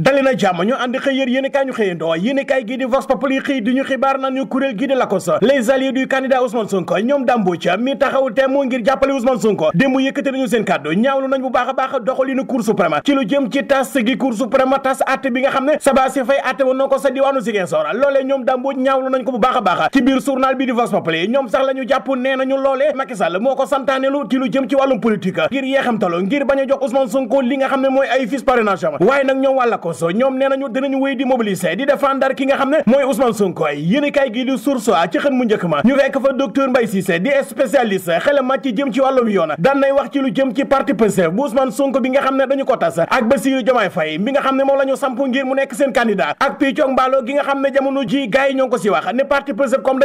dali na jàmm ñu ànd xëy yér kaay ñu xëyandoo yéen kaay gii ñu xibaar naan ñu kuréel gii di lakos les alliés du candidat Ousmane Sonko ñoom Dambo Dia mi taxaw temm ngir jàppale Ousmane Sonko démb a baax doxalinu Cour nga xam ne Sabassy Faye àtte woon na ko sa diwaanu bu baax a bi di vox populi ñoom sax la ñu jàpp nee nañu loolee Macky Sall moo ko santaaneelu ci lu jëm ci wàllum politique a jox li nga xam ne mooy ay fiches parrainage waaye nag ñoom wàlla ko Koso ñoom nee nañu dinañu wéy di mobiliser di défendre ki nga xam ne mooy Ousmane Sonko yéenekaay gi di Source ci xët mu njëkk ma ñu fekk fa docteur Mbaye Cissé di spécialiste xelam màcc ci jëm ci wàllum yoon daan nay wax ci lu jëm ci parti Pastef bu Ousmane Sonko bi nga xam ne dañu ko tas ak Bassirou Diomaye Faye bi nga xam ne moom la ñu ngir mu nekk seen candidat ak Picoc Mballo gi nga xam ne jamono ji gars ñoo ko si wax ne parti Pastef comme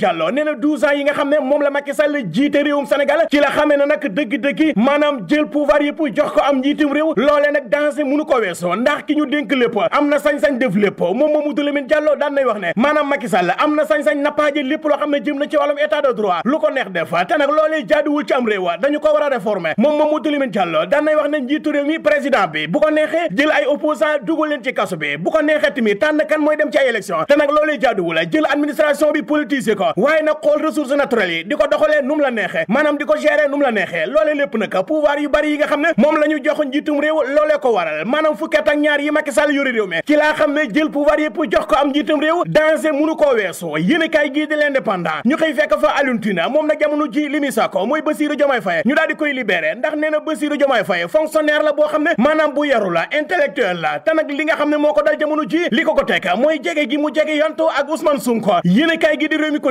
Diallo nee na ans yi nga xam ne moom la Macky Sall jiite réewum Sénégal ci la xamee na nag dëgg-dëgg maanaam jël pouvoir yëpp jox ko am njiitum réew loolee nag danger mënu ko weesoo ndax ki ñu dénk lépp am na sañ-sañ def lépp moom Mamadou Lamine Diallo daan nay wax ne maanaam Macky Sall am na sañ-sañ nappaaje lépp loo xam ne jëm na ci wàllum état de droit lu ko neex def te nag loolee jaaduwul ci am réew dañu ko war a réformer moom Mamadou Lamine Diallo ko waaye nag xool ressources naturelles yi di ko doxalee nu mu la neexee maanaam di ko gérer nu la neexee loolee lépp nag pouvoir yu bari yi nga xam ne moom la jox njiitum réew loolee ko waral maanaam fukki at ak ñaar yi Macky Sall yore réew mi ci laa xam ne jël pouvoir yëpp jox ko am njiitum réew danger mënu koo weesu yéen kaay gii di l'indépendant ñu xëy fekk fa Alioune moom nag jamono ji li muy sàkko mooy Bassirou Diomaye Faye ñu daal koy libéré ndax nee na la boo xam ne maanaam bu yaru la intellectuel la te nag li moo ko dal jamono ji li ko ko teg mooy jege gi ko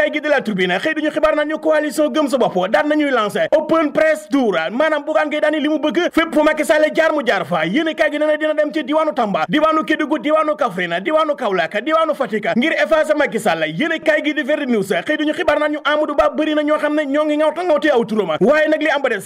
kaay gi di turbine xëy duñu xibaar naan ñu gëm sa bopp daan nañuy lancé open press tour maanaam bugaan ngay daani li mu bëgg fépp fu jaar mu jaar fa yéen kaay gi nee na dem ci diwaanu Tamba diwaanu Kédougou diwaanu Kaffrine diwaanu Kaolack diwaanu Fatick ngir effacer Macky Sall yéen kaay gi di Vert xëy duñu xibaar naan ñu Ba bëri ñoo xam ne ñoo ngi ngawta ngawtee aw turama waaye nag li am ba des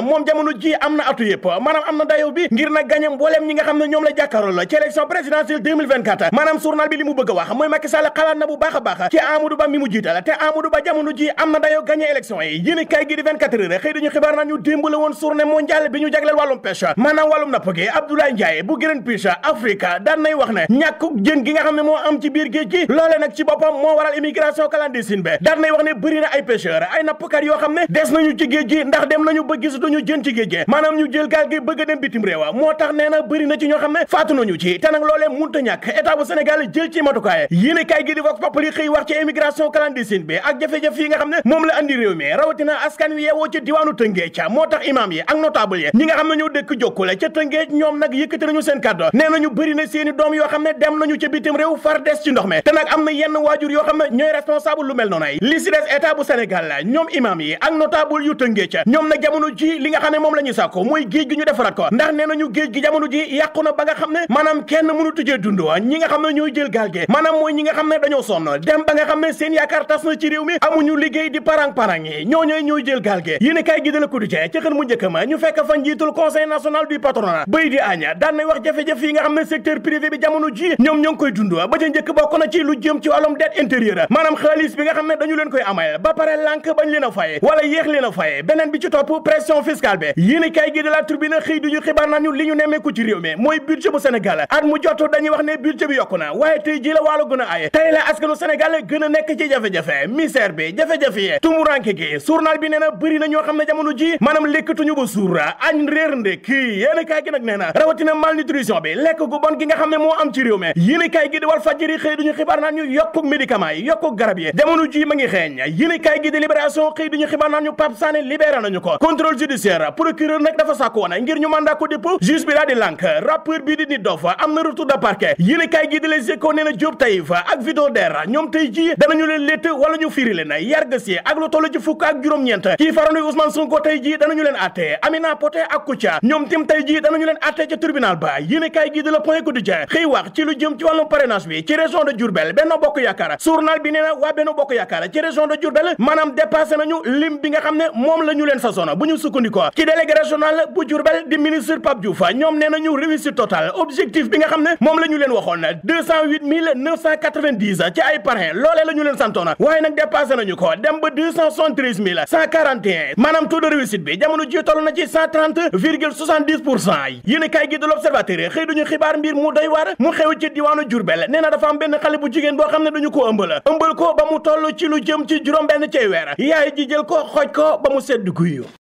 moom jamono ji am na atu yëpp maanaam am na dayo bi ngir na gañe mbooleem ñi nga xam ne ñoom la jàkkaaroo la ci élection présidentielle 2024 maanaam bi li mu bëgg a wax mooy Macky xalaat na bu baax a ci Amadou Ba mi mu jiital te Amadou Ba jamono ji am na dayo gañe élection yi yéen kay gi di 24 heures xëy dañu xibaar naan ñu démb la woon journée mondiale bi ñu jagleel wàllum pêche maanaam wàllum napp gi Abdoulaye Ndiaye bu Greenpeace na ay pêcheur ay nappkat yoo nañu jën ci jël gaal gi bëgg a dem bitim réewa moo tax nee na bëri na ci ñoo xam ne faatu nañu ci te nag loolee munta ñàkk kaay gi di vox populi xëy wax ci immigration clandestine bi ak jafe-jafe yi nga xam ne moom la andi réew mi rawatina askan wi yeewoo ci diwaanu Tëngéej ca moo tax imam yi ak notable yi ñi nga xam ne ñoo dëkk jokkule ñoom nag yëkkati nañu seen kàddu nee nañu bëri na seeni doom yoo xam ne dem nañu ca bitim réew far des ndox mi te nag am na yenn waajur yoo xam ne ñooy responsable lu mel noonu li si des état bu Sénégal la ñoom imam yi ak notable yu Tëngéej ca ñoom nag jamono ji ci li nga xam ne moom la ñuy sàkku géej gi ñu defaraat ko ndax nee nañu géej gi jamono ji yàqu ba nga xam ne maanaam kenn mënu tujjee dund ñi nga xam ne ñooy jël gaal gi mooy ñi nga xam ne dañoo sonn dem ba nga xam ne seen yaakaar tas na ci réew mi amuñu liggéey di parang-parang yi ñoo ñooy jël gaal gi yéen kaay gi dala ko ci xën mu njëkk ma ñu fekk fa njiitul conseil national du patronat bay di aña daan nay wax jafe-jafe yi nga xam ne fiscale bi yéen gi de la tribune xëy duñu ñu xibaar naan ñu yokku médicament yi yokku garab yi jamono ji ma ngi xeeñ yéen kay gi di libération xëy duñu xibaar naan ñu Pape Sané libéré nañu ko judiciaire procureur nag dafa sàkku woon ngir ñu mandat ko dépôt juge bi daal lànk rappeur bii di Nit Doff am na retour de parquet yéene kaay gi di Les Échos nee na Diop Taïf ak Vitor Der ñoom tey ji danañu leen létt wala ñu firi leen yarga si ak lu toll ci fukk ak juróom-ñeent kii farandoy Ousmane Sonko tey ji danañu leen atte Amina Poté ak Kouthia ñoom tim tey ji danañu leen atte ca tribunal ba yéene kaay gi di Le Point Quotidien xëy wax ci lu jëm ci wàllum sukkandikoo ci délégué régional bu Diourbel di ministre Pape Diouf ñoom nee nañu réussite totale objectif bi nga xam ne moom la ñu leen waxoon deux cent huit mille ci ay parrain loolee la leen santoon waaye nag dépassé nañu ko dem ba deux cent soixante bi jamono ji toll na ci cent trente virgule a kaay gi de l'observateur xëy duñu xibaar mbir mu doy waar mu xew ci diwaanu Diourbel nee na dafa am benn xale bu jigéen boo xam ne dañu ko ëmbal ëmbal ko ba mu toll ci lu jëm ci juróom benn cay weer yaay ko